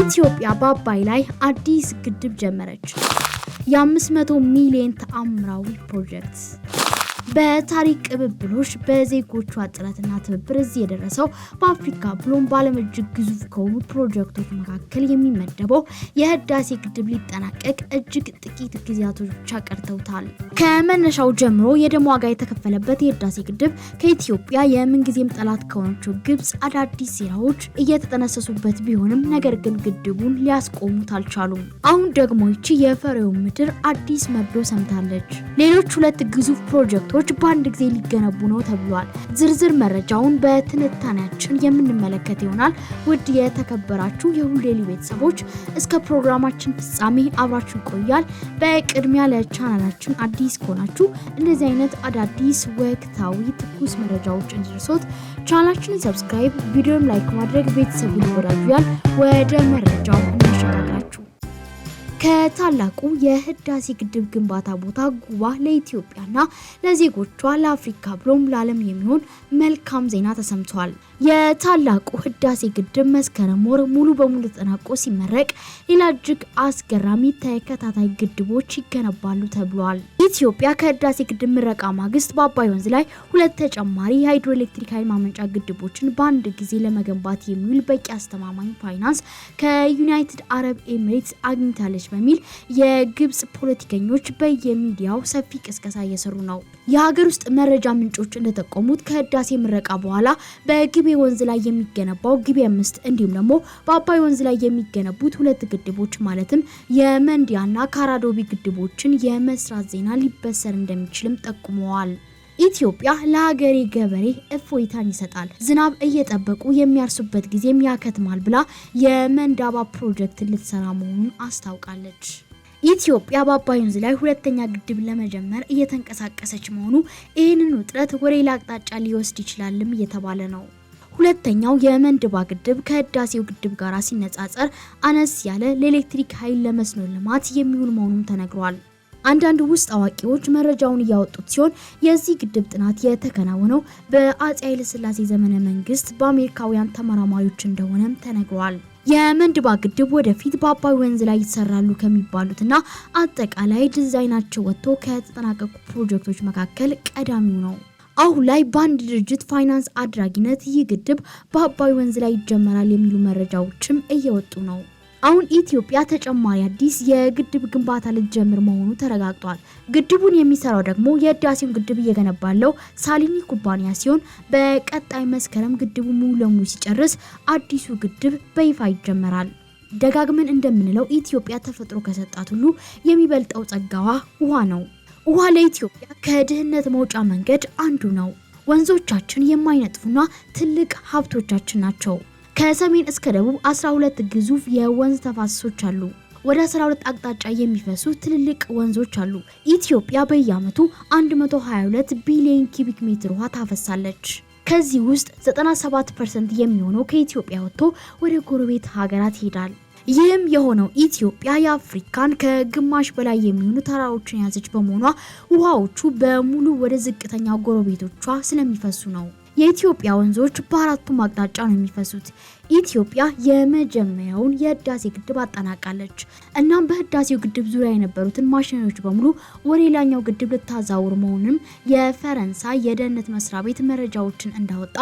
ኢትዮጵያ በአባይ ላይ አዲስ ግድብ ጀመረች። የ500 ሚሊዮን ተአምራዊ ፕሮጀክት በታሪክ ቅብብሎች በዜጎቿ ጥረትና ትብብር እዚህ የደረሰው በአፍሪካ ብሎም በዓለም እጅግ ግዙፍ ከሆኑ ፕሮጀክቶች መካከል የሚመደበው የህዳሴ ግድብ ሊጠናቀቅ እጅግ ጥቂት ጊዜያቶች ብቻ ቀርተውታል። ከመነሻው ጀምሮ የደም ዋጋ የተከፈለበት የህዳሴ ግድብ ከኢትዮጵያ የምንጊዜም ጠላት ከሆነችው ግብጽ አዳዲስ ሴራዎች እየተጠነሰሱበት ቢሆንም ነገር ግን ግድቡን ሊያስቆሙት አልቻሉም። አሁን ደግሞ ይቺ የፈሬው ምድር አዲስ መብሎ ሰምታለች። ሌሎች ሁለት ግዙፍ ፕሮጀክቶች ፕሮጀክቶች በአንድ ጊዜ ሊገነቡ ነው ተብሏል። ዝርዝር መረጃውን በትንታኔያችን የምንመለከት ይሆናል። ውድ የተከበራችሁ የሁሌሉ ቤተሰቦች እስከ ፕሮግራማችን ፍጻሜ አብራችሁ ይቆያል። በቅድሚያ ለቻናላችን አዲስ ከሆናችሁ እንደዚህ አይነት አዳዲስ ወቅታዊ ትኩስ መረጃዎች እንዲደርሶት ቻናላችንን ሰብስክራይብ፣ ቪዲዮም ላይክ ማድረግ ቤተሰቡን ይወዳጁ ወደ መረጃው እናሸጋግራችሁ። ከታላቁ የህዳሴ ግድብ ግንባታ ቦታ ጉባ ለኢትዮጵያና ለዜጎቿ ለአፍሪካ ብሎም ለዓለም የሚሆን መልካም ዜና ተሰምቷል። የታላቁ ህዳሴ ግድብ መስከረም ወር ሙሉ በሙሉ ተጠናቆ ሲመረቅ ሌላ እጅግ አስገራሚ ተከታታይ ግድቦች ይገነባሉ ተብሏል። ኢትዮጵያ ከህዳሴ ግድብ ምረቃ ማግስት በአባይ ወንዝ ላይ ሁለት ተጨማሪ የሃይድሮኤሌክትሪክ ኃይል ማመንጫ ግድቦችን በአንድ ጊዜ ለመገንባት የሚውል በቂ አስተማማኝ ፋይናንስ ከዩናይትድ አረብ ኤሚሬትስ አግኝታለች በሚል የግብጽ ፖለቲከኞች በየሚዲያው ሰፊ ቅስቀሳ እየሰሩ ነው። የሀገር ውስጥ መረጃ ምንጮች እንደጠቆሙት ከህዳሴ ምረቃ በኋላ በግቤ ወንዝ ላይ የሚገነባው ግቤ አምስት እንዲሁም ደግሞ በአባይ ወንዝ ላይ የሚገነቡት ሁለት ግድቦች ማለትም የመንዲያና ካራዶቢ ግድቦችን የመስራት ዜና ሊበሰር እንደሚችልም ጠቁመዋል። ኢትዮጵያ ለሀገሬ ገበሬ እፎይታን ይሰጣል፣ ዝናብ እየጠበቁ የሚያርሱበት ጊዜም ያከትማል ብላ የመንዳባ ፕሮጀክት ልትሰራ መሆኑን አስታውቃለች። ኢትዮጵያ በአባይ ወንዝ ላይ ሁለተኛ ግድብ ለመጀመር እየተንቀሳቀሰች መሆኑ ይህንን ውጥረት ወደ ሌላ አቅጣጫ ሊወስድ ይችላልም እየተባለ ነው። ሁለተኛው የመንድባ ግድብ ከህዳሴው ግድብ ጋር ሲነጻጸር አነስ ያለ ለኤሌክትሪክ ኃይል ለመስኖ ልማት የሚውል መሆኑም ተነግሯል። አንዳንድ ውስጥ አዋቂዎች መረጃውን እያወጡት ሲሆን የዚህ ግድብ ጥናት የተከናወነው በአፄ ኃይለሥላሴ ዘመነ መንግስት በአሜሪካውያን ተመራማሪዎች እንደሆነም ተነግሯል። የመንድባ ግድብ ወደፊት በአባይ ወንዝ ላይ ይሰራሉ ከሚባሉትና አጠቃላይ ዲዛይናቸው ወጥቶ ከተጠናቀቁ ፕሮጀክቶች መካከል ቀዳሚው ነው። አሁን ላይ በአንድ ድርጅት ፋይናንስ አድራጊነት ይህ ግድብ በአባይ ወንዝ ላይ ይጀመራል የሚሉ መረጃዎችም እየወጡ ነው። አሁን ኢትዮጵያ ተጨማሪ አዲስ የግድብ ግንባታ ልትጀምር መሆኑ ተረጋግጧል። ግድቡን የሚሰራው ደግሞ የህዳሴውን ግድብ እየገነባ ያለው ሳሊኒ ኩባንያ ሲሆን በቀጣይ መስከረም ግድቡ ሙሉ ለሙሉ ሲጨርስ አዲሱ ግድብ በይፋ ይጀመራል። ደጋግመን እንደምንለው ኢትዮጵያ ተፈጥሮ ከሰጣት ሁሉ የሚበልጠው ጸጋዋ ውሃ ነው። ውሃ ለኢትዮጵያ ከድህነት መውጫ መንገድ አንዱ ነው። ወንዞቻችን የማይነጥፉና ትልቅ ሀብቶቻችን ናቸው። ከሰሜን እስከ ደቡብ 12 ግዙፍ የወንዝ ተፋሰሶች አሉ። ወደ 12 አቅጣጫ የሚፈሱ ትልልቅ ወንዞች አሉ። ኢትዮጵያ በየዓመቱ 122 ቢሊዮን ኪቢክ ሜትር ውሃ ታፈሳለች። ከዚህ ውስጥ 97% የሚሆነው ከኢትዮጵያ ወጥቶ ወደ ጎረቤት ሀገራት ይሄዳል። ይህም የሆነው ኢትዮጵያ የአፍሪካን ከግማሽ በላይ የሚሆኑ ተራሮችን የያዘች በመሆኗ ውሃዎቹ በሙሉ ወደ ዝቅተኛ ጎረቤቶቿ ስለሚፈሱ ነው። የኢትዮጵያ ወንዞች በአራቱም አቅጣጫ ነው የሚፈሱት። ኢትዮጵያ የመጀመሪያውን የህዳሴ ግድብ አጠናቃለች። እናም በህዳሴው ግድብ ዙሪያ የነበሩትን ማሽኖች በሙሉ ወደ ሌላኛው ግድብ ልታዛውር መሆኑንም የፈረንሳይ የደህንነት መስሪያ ቤት መረጃዎችን እንዳወጣ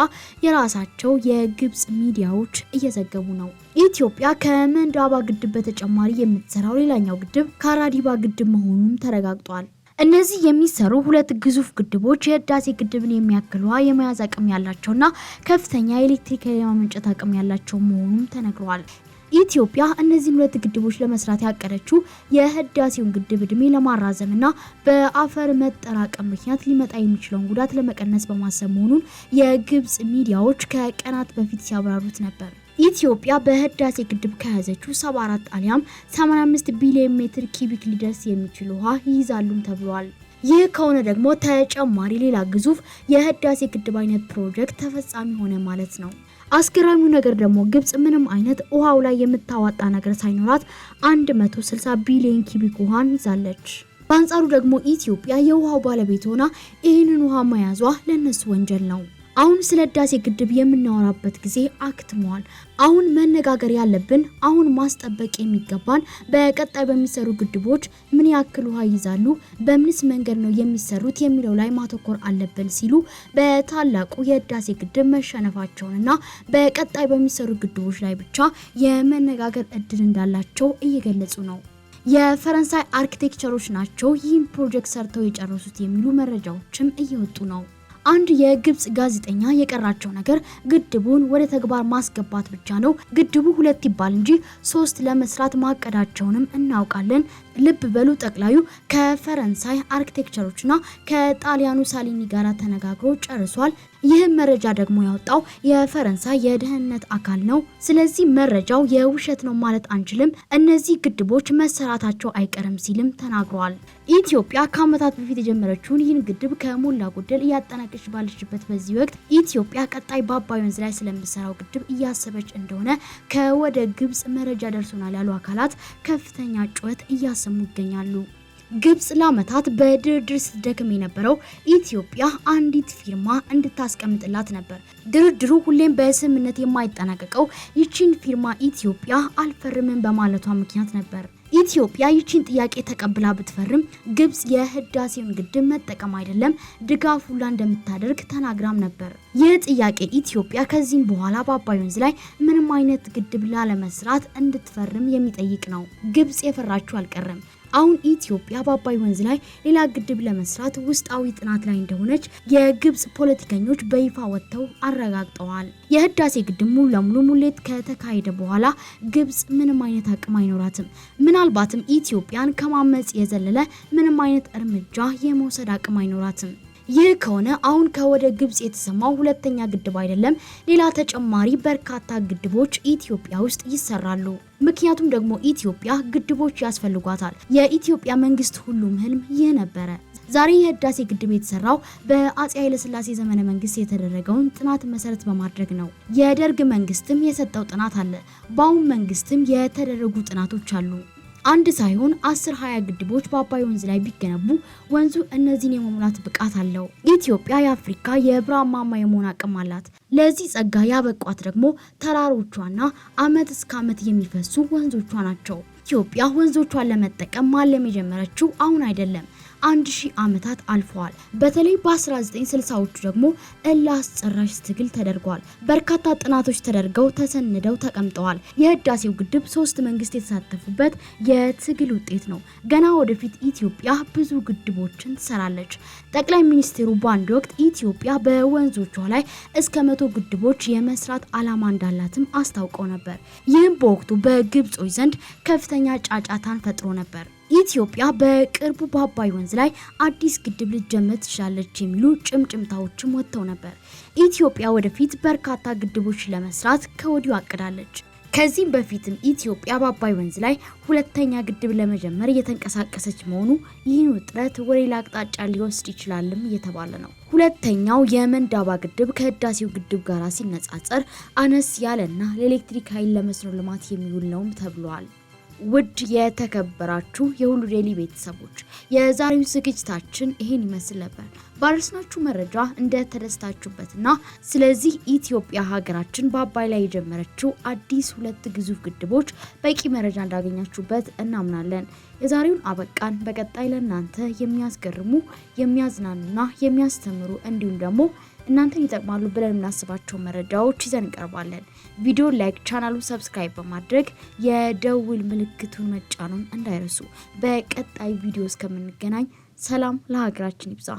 የራሳቸው የግብጽ ሚዲያዎች እየዘገቡ ነው። ኢትዮጵያ ከመንዳባ ግድብ በተጨማሪ የምትሰራው ሌላኛው ግድብ ከአራዲባ ግድብ መሆኑም ተረጋግጧል። እነዚህ የሚሰሩ ሁለት ግዙፍ ግድቦች የህዳሴ ግድብን የሚያክል ውሃ የመያዝ አቅም ያላቸውና ከፍተኛ የኤሌክትሪክ የማመንጨት አቅም ያላቸው መሆኑም ተነግሯል። ኢትዮጵያ እነዚህን ሁለት ግድቦች ለመስራት ያቀደችው የህዳሴውን ግድብ እድሜ ለማራዘምና በአፈር መጠራቀም ምክንያት ሊመጣ የሚችለውን ጉዳት ለመቀነስ በማሰብ መሆኑን የግብጽ ሚዲያዎች ከቀናት በፊት ሲያብራሩት ነበር። ኢትዮጵያ በህዳሴ ግድብ ከያዘችው 74 አሊያም 85 ቢሊዮን ሜትር ኪቢክ ሊደርስ የሚችል ውሃ ይይዛሉም ተብሏል። ይህ ከሆነ ደግሞ ተጨማሪ ሌላ ግዙፍ የህዳሴ ግድብ አይነት ፕሮጀክት ተፈጻሚ ሆነ ማለት ነው። አስገራሚው ነገር ደግሞ ግብጽ ምንም አይነት ውሃው ላይ የምታዋጣ ነገር ሳይኖራት 160 ቢሊዮን ኪቢክ ውሃን ይዛለች። በአንጻሩ ደግሞ ኢትዮጵያ የውሃው ባለቤት ሆና ይህንን ውሃ መያዟ ለእነሱ ወንጀል ነው። አሁን ስለ ህዳሴ ግድብ የምናወራበት ጊዜ አክትመዋል። አሁን መነጋገር ያለብን አሁን ማስጠበቅ የሚገባን በቀጣይ በሚሰሩ ግድቦች ምን ያክል ውሃ ይይዛሉ፣ በምንስ መንገድ ነው የሚሰሩት የሚለው ላይ ማተኮር አለብን ሲሉ በታላቁ የህዳሴ ግድብ መሸነፋቸውንና በቀጣይ በሚሰሩ ግድቦች ላይ ብቻ የመነጋገር እድል እንዳላቸው እየገለጹ ነው። የፈረንሳይ አርኪቴክቸሮች ናቸው ይህን ፕሮጀክት ሰርተው የጨረሱት የሚሉ መረጃዎችም እየወጡ ነው። አንድ የግብጽ ጋዜጠኛ የቀራቸው ነገር ግድቡን ወደ ተግባር ማስገባት ብቻ ነው። ግድቡ ሁለት ይባል እንጂ ሶስት ለመስራት ማቀዳቸውንም እናውቃለን። ልብ በሉ ጠቅላዩ ከፈረንሳይ አርኪቴክቸሮችና ከጣሊያኑ ሳሊኒ ጋር ተነጋግሮ ጨርሷል። ይህም መረጃ ደግሞ ያወጣው የፈረንሳይ የደህንነት አካል ነው። ስለዚህ መረጃው የውሸት ነው ማለት አንችልም፣ እነዚህ ግድቦች መሰራታቸው አይቀርም ሲልም ተናግሯል። ኢትዮጵያ ከዓመታት በፊት የጀመረችውን ይህን ግድብ ከሞላ ጎደል እያጠናቀች ባለችበት በዚህ ወቅት ኢትዮጵያ ቀጣይ በአባይ ወንዝ ላይ ስለምሰራው ግድብ እያሰበች እንደሆነ ከወደ ግብጽ መረጃ ደርሶናል ያሉ አካላት ከፍተኛ ጩኸት እያሰሙ ይገኛሉ። ግብጽ ለዓመታት በድርድር ስትደክም የነበረው ኢትዮጵያ አንዲት ፊርማ እንድታስቀምጥላት ነበር። ድርድሩ ሁሌም በስምምነት የማይጠናቀቀው ይቺን ፊርማ ኢትዮጵያ አልፈርምም በማለቷ ምክንያት ነበር። ኢትዮጵያ ይቺን ጥያቄ ተቀብላ ብትፈርም ግብጽ የህዳሴውን ግድብ መጠቀም አይደለም ድጋፍ ሁላ እንደምታደርግ ተናግራም ነበር። ይህ ጥያቄ ኢትዮጵያ ከዚህም በኋላ በአባይ ወንዝ ላይ ምንም አይነት ግድብ ላለመስራት እንድትፈርም የሚጠይቅ ነው። ግብጽ የፈራችው አልቀረም። አሁን ኢትዮጵያ በአባይ ወንዝ ላይ ሌላ ግድብ ለመስራት ውስጣዊ ጥናት ላይ እንደሆነች የግብጽ ፖለቲከኞች በይፋ ወጥተው አረጋግጠዋል። የህዳሴ ግድብ ሙሉ ለሙሉ ሙሌት ከተካሄደ በኋላ ግብጽ ምንም አይነት አቅም አይኖራትም። ምናልባትም ኢትዮጵያን ከማመጽ የዘለለ ምንም አይነት እርምጃ የመውሰድ አቅም አይኖራትም። ይህ ከሆነ አሁን ከወደ ግብጽ የተሰማው ሁለተኛ ግድብ አይደለም፣ ሌላ ተጨማሪ በርካታ ግድቦች ኢትዮጵያ ውስጥ ይሰራሉ። ምክንያቱም ደግሞ ኢትዮጵያ ግድቦች ያስፈልጓታል። የኢትዮጵያ መንግስት ሁሉም ህልም ይህ ነበረ። ዛሬ የህዳሴ ግድብ የተሰራው በአጼ ኃይለስላሴ ዘመነ መንግስት የተደረገውን ጥናት መሰረት በማድረግ ነው። የደርግ መንግስትም የሰጠው ጥናት አለ። በአሁን መንግስትም የተደረጉ ጥናቶች አሉ። አንድ ሳይሆን አስር ሀያ ግድቦች በአባይ ወንዝ ላይ ቢገነቡ ወንዙ እነዚህን የመሙላት ብቃት አለው። ኢትዮጵያ የአፍሪካ የብራ ማማ የመሆን አቅም አላት። ለዚህ ጸጋ ያበቋት ደግሞ ተራሮቿና አመት እስከ አመት የሚፈሱ ወንዞቿ ናቸው። ኢትዮጵያ ወንዞቿን ለመጠቀም ማለም የጀመረችው አሁን አይደለም። አንድ ሺህ ዓመታት አልፈዋል። በተለይ በ1960ዎቹ ደግሞ እልህ አስጨራሽ ትግል ተደርጓል። በርካታ ጥናቶች ተደርገው ተሰንደው ተቀምጠዋል። የህዳሴው ግድብ ሶስት መንግስት የተሳተፉበት የትግል ውጤት ነው። ገና ወደፊት ኢትዮጵያ ብዙ ግድቦችን ትሰራለች። ጠቅላይ ሚኒስትሩ በአንድ ወቅት ኢትዮጵያ በወንዞቿ ላይ እስከ መቶ ግድቦች የመስራት ዓላማ እንዳላትም አስታውቀው ነበር። ይህም በወቅቱ በግብጾች ዘንድ ከፍተኛ ጫጫታን ፈጥሮ ነበር። ኢትዮጵያ በቅርቡ በአባይ ወንዝ ላይ አዲስ ግድብ ልትጀምር ትችላለች የሚሉ ጭምጭምታዎችም ወጥተው ነበር። ኢትዮጵያ ወደፊት በርካታ ግድቦች ለመስራት ከወዲሁ አቅዳለች። ከዚህም በፊትም ኢትዮጵያ በአባይ ወንዝ ላይ ሁለተኛ ግድብ ለመጀመር እየተንቀሳቀሰች መሆኑ ይህን ውጥረት ወደ ሌላ አቅጣጫ ሊወስድ ይችላልም እየተባለ ነው። ሁለተኛው የመንዳባ ግድብ ከህዳሴው ግድብ ጋር ሲነጻጸር አነስ ያለና ለኤሌክትሪክ ኃይል ለመስኖ ልማት የሚውል ነውም ተብሏል። ውድ የተከበራችሁ የሁሉ ዴይሊ ቤተሰቦች የዛሬው ዝግጅታችን ይህን ይመስል ነበር። ባደረስናችሁ መረጃ እንደተደስታችሁበትና ስለዚህ ኢትዮጵያ ሀገራችን በአባይ ላይ የጀመረችው አዲስ ሁለት ግዙፍ ግድቦች በቂ መረጃ እንዳገኛችሁበት እናምናለን። የዛሬውን አበቃን። በቀጣይ ለእናንተ የሚያስገርሙ የሚያዝናኑና የሚያስተምሩ እንዲሁም ደግሞ እናንተን ይጠቅማሉ ብለን የምናስባቸው መረጃዎች ይዘን እንቀርባለን። ቪዲዮ ላይክ፣ ቻናሉ ሰብስክራይብ በማድረግ የደውል ምልክቱን መጫኑን እንዳይረሱ። በቀጣይ ቪዲዮ እስከምንገናኝ ሰላም ለሀገራችን ይብዛ።